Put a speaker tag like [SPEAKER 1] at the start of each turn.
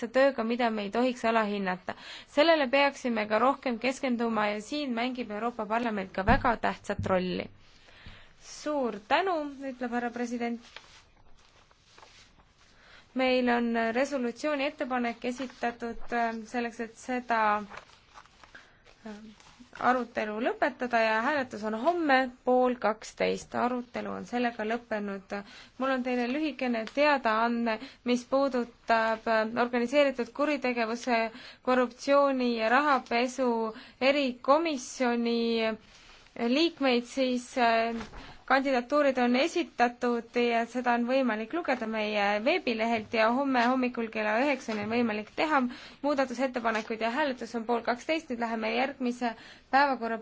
[SPEAKER 1] tähtsa tööga, mida me ei tohiks alahinnata. sellele peaksime ka rohkem keskenduma ja siin mängib Euroopa Parlament ka väga tähtsat rolli. suur tänu, ütleb härra president. meil on resolutsiooni ettepanek esitatud äh, selleks, et seda arutelu lõpetada ja hääletus on homme pool kaksteist. arutelu on sellega lõppenud. mul on teile lühikene teadaanne, mis puudutab organiseeritud kuritegevuse, korruptsiooni ja rahapesu erikomisjoni liikmeid, siis äh, kandidatuurid on esitatud ja seda on võimalik lugeda meie veebilehelt ja homme hommikul kella üheksani on võimalik teha muudatusettepanekuid ja hääletus on pool kaksteist, nüüd läheme järgmise
[SPEAKER 2] päevakorra